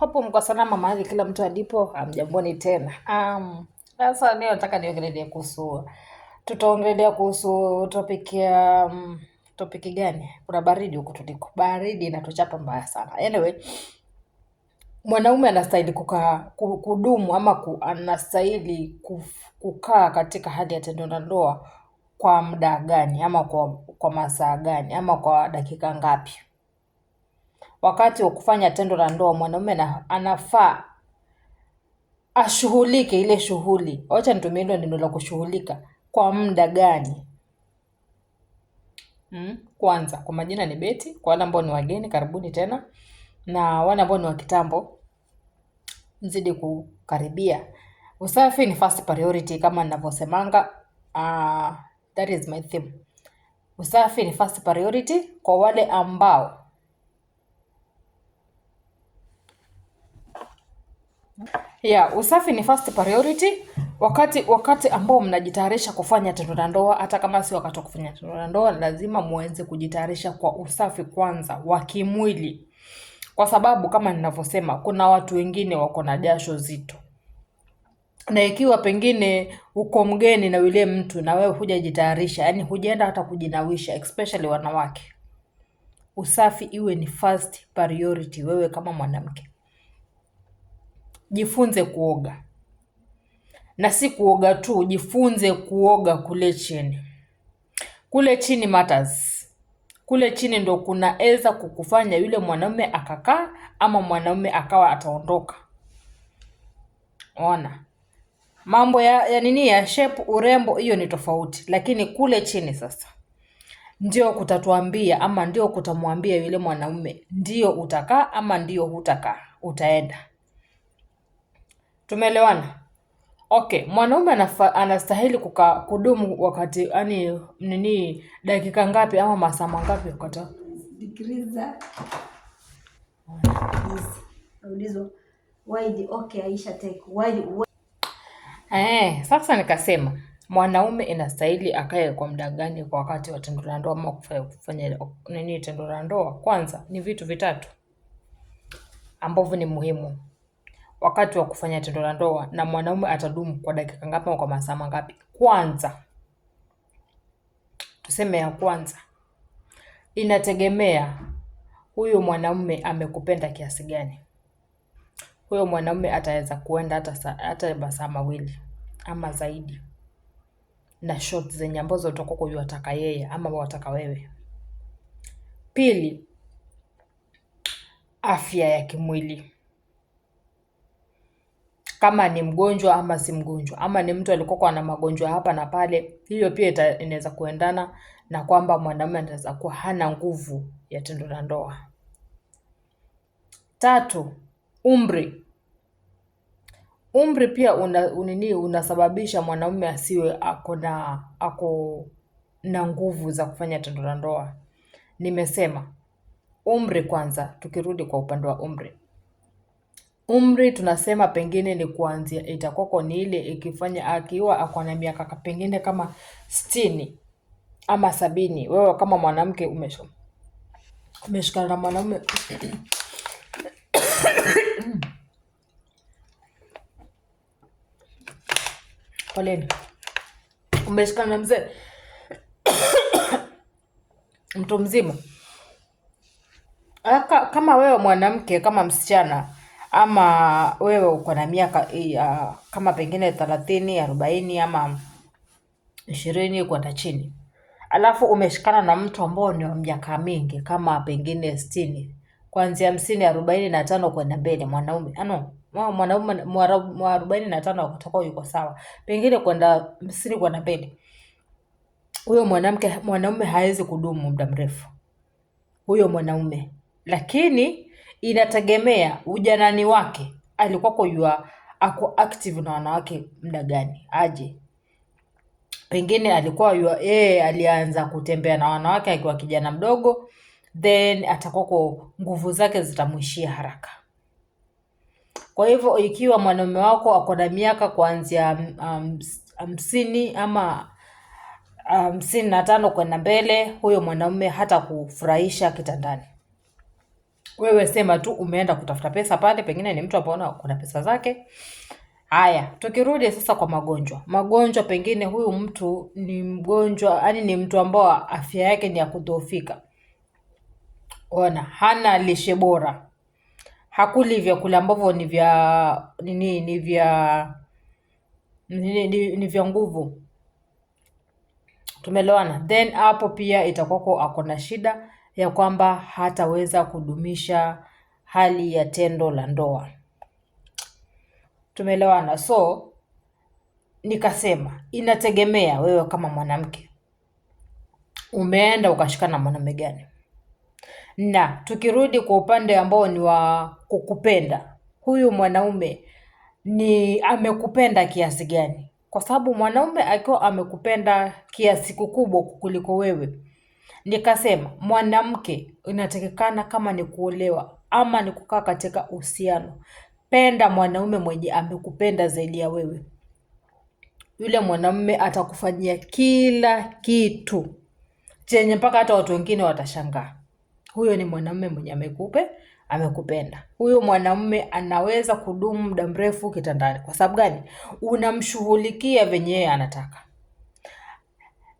hapo mko salama mahali kila mtu alipo. amjamboni tena. Um, sasa leo nataka niongelee kuhusu, tutaongelea kuhusu topic ya um, topic gani? Kuna baridi huko tuliko, baridi inatuchapa mbaya sana. Anyway, mwanaume anastahili kukaa kudumu ama ku, anastahili kukaa katika hali ya tendo la ndoa kwa muda gani, ama kwa kwa masaa gani, ama kwa dakika ngapi? Wakati wa kufanya tendo la ndoa mwanaume anafaa ashughulike ile shughuli, wacha nitumie hilo neno la kushughulika, kwa muda gani? Mm, kwanza kwa majina ni Beti. Kwa wale ambao ni wageni, karibuni tena, na wale ambao ni wa kitambo, mzidi kukaribia. Usafi ni first priority kama ninavyosemanga. Uh, that is my theme. Usafi ni first priority kwa wale ambao Yeah, usafi ni first priority wakati wakati ambao mnajitayarisha kufanya tendo la ndoa, hata kama si wakati wa kufanya tendo la ndoa, lazima muanze kujitayarisha kwa usafi kwanza wa kimwili, kwa sababu kama ninavyosema, kuna watu wengine wako na jasho zito, na ikiwa pengine uko mgeni na yule mtu na wewe hujajitayarisha, yani hujaenda hata kujinawisha, especially wanawake, usafi iwe ni first priority, wewe kama mwanamke jifunze kuoga, na si kuoga tu, jifunze kuoga kule chini. Kule chini matters. Kule chini ndo kunaweza kukufanya yule mwanaume akakaa ama mwanaume akawa ataondoka. Ona mambo ya, ya nini ya shape, urembo, hiyo ni tofauti, lakini kule chini sasa ndio kutatuambia ama ndio kutamwambia yule mwanaume ndio utakaa ama ndio hutakaa, utaenda Tumeelewana? Okay, mwanaume anastahili kuka, kudumu wakati yani nini dakika ngapi ama masaa mangapi ukata? Sikiliza. Ulizo why the okay Aisha take why the Eh, sasa nikasema mwanaume inastahili akae kwa muda gani kwa wakati wa tendo la ndoa ama kufanya, kufanya nini tendo la ndoa? Kwanza ni vitu vitatu ambavyo ni muhimu wakati wa kufanya tendo la ndoa na mwanaume atadumu kwa dakika ngapi au kwa masaa mangapi? Kwanza tuseme ya kwanza, inategemea huyo mwanaume amekupenda kiasi gani. Huyo mwanaume ataweza kuenda hata hata masaa mawili ama zaidi, na short zenye ambazo utakuwa kuwataka yeye ama wataka wewe. Pili, afya ya kimwili kama ni mgonjwa ama si mgonjwa, ama ni mtu alikuwa na magonjwa hapa na pale. Hiyo pia inaweza kuendana na kwamba mwanamume anaweza kuwa hana nguvu ya tendo la ndoa. Tatu, umri. Umri pia una, unini unasababisha mwanamume asiwe ako na ako na nguvu za kufanya tendo la ndoa. Nimesema umri kwanza, tukirudi kwa upande wa umri. Umri tunasema pengine ni kuanzia itakuwako ni ile ikifanya akiwa ako na miaka pengine kama sitini ama sabini, wewe kama mwanamke umesho- umeshikana na mwanaume poleni, umeshikana na mzee mtu mzima ah, kama wewe mwanamke kama msichana ama wewe uko na miaka uh, kama pengine thelathini arobaini ama ishirini kwenda chini, alafu umeshikana na mtu ambao ni wa miaka mingi kama pengine stini kuanzia hamsini arobaini na tano kwenda mbele, mwanaume ano ah, mwanaume arobaini na tano akatoka yuko sawa, pengine kwenda hamsini kwenda mbele, huyo mwanamke mwanaume hawezi kudumu muda mrefu huyo mwanaume, lakini inategemea ujanani wake alikuwa kujua ako active na wanawake muda gani aje. Pengine alikuwa yua, e, alianza kutembea na wanawake akiwa kijana mdogo, then atakuwako nguvu zake zitamwishia haraka. Kwa hivyo ikiwa mwanaume wako ako na miaka kuanzia um, hamsini um, ama hamsini um, na tano kwenda mbele, huyo mwanaume hata kufurahisha kitandani. Wewe sema tu umeenda kutafuta pesa pale, pengine ni mtu apoona kuna pesa zake. Haya, tukirudi sasa kwa magonjwa. Magonjwa pengine huyu mtu ni mgonjwa, yani ni mtu ambao afya yake ni ya kudhoofika. Ona, hana lishe bora, hakuli vyakula ambavyo ni vya nini, ni vya ni, ni, ni vya nguvu. Tumeelewana. Then hapo pia itakuwako ako na shida ya kwamba hataweza kudumisha hali ya tendo la ndoa. Tumeelewana? So nikasema inategemea wewe kama mwanamke umeenda ukashikana na gani. Na tukirudi kwa upande ambao ni wa kukupenda, huyu mwanaume ni amekupenda kiasi gani? Kwa sababu mwanaume akiwa amekupenda kiasi kikubwa kuliko wewe, Nikasema mwanamke, inatakikana kama ni kuolewa ama ni kukaa katika uhusiano, penda mwanaume mwenye amekupenda zaidi ya wewe. Yule mwanaume atakufanyia kila kitu chenye mpaka hata watu wengine watashangaa, huyo ni mwanaume mwenye amekupe amekupenda. Huyo mwanaume anaweza kudumu muda mrefu kitandani. Kwa sababu gani? Unamshughulikia venye yeye anataka.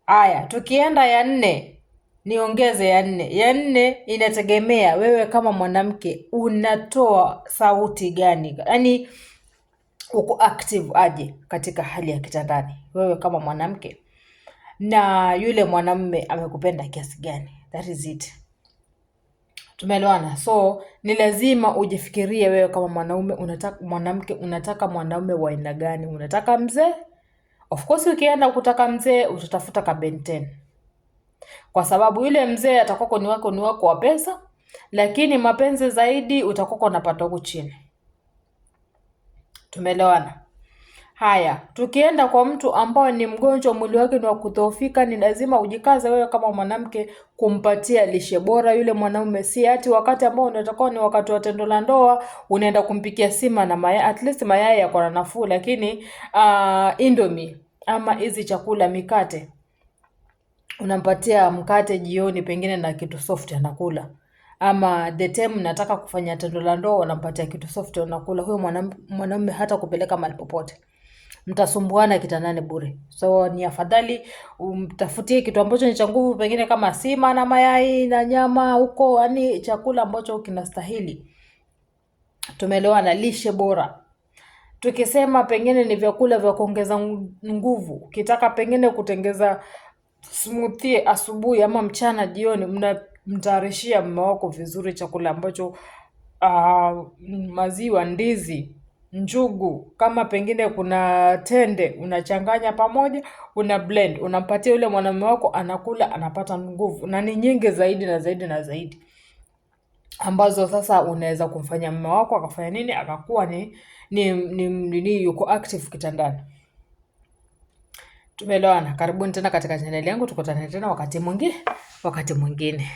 Haya, tukienda ya nne, niongeze ya nne. Ya nne inategemea wewe kama mwanamke unatoa sauti gani, yaani uko active aje katika hali ya kitandani, wewe kama mwanamke na yule mwanamme amekupenda kiasi gani. That is it. Tumeelewana? So ni lazima ujifikirie wewe kama mwanaume unataka, mwanamke unataka mwanaume wa aina gani? Unataka mzee? Of course ukienda kutaka mzee utatafuta ka Ben 10 kwa sababu yule mzee atakuwa ni wako ni wako wa pesa, lakini mapenzi zaidi utakuwa unapata huko chini. Tumeelewana? Haya, tukienda kwa mtu ambao ni mgonjwa, mwili wake ni wa kudhoofika, ni lazima ujikaze wewe kama mwanamke kumpatia lishe bora yule mwanaume, si ati wakati ambao unatakiwa ni wakati wa tendo la ndoa unaenda kumpikia sima na mayai. At least mayai yako na nafuu, lakini uh, indomie ama hizi chakula mikate unampatia mkate jioni pengine na kitu soft anakula, ama the time nataka kufanya tendo la ndoa unampatia kitu soft anakula. Huyo mwanamume hata kupeleka mahali popote, mtasumbuana kitandani bure. So ni afadhali umtafutie kitu ambacho ni cha nguvu, pengine kama sima na mayai na nyama huko, yani chakula ambacho kinastahili. na lishe bora tukisema pengine ni vyakula vya kuongeza nguvu, ukitaka pengine kutengeza smoothie asubuhi ama mchana jioni mnamtayarishia mme wako vizuri chakula ambacho uh, maziwa, ndizi, njugu, kama pengine kuna tende unachanganya pamoja, una blend, unampatia yule mwanamume wako, anakula anapata nguvu, na ni nyingi zaidi na zaidi na zaidi ambazo sasa unaweza kumfanya mme wako akafanya nini, akakuwa ni, ni, ni, ni, yuko active kitandani. Tumelewana. Karibuni tena katika chaneli yangu, tukutane tena wakati mwingine, wakati mwingine.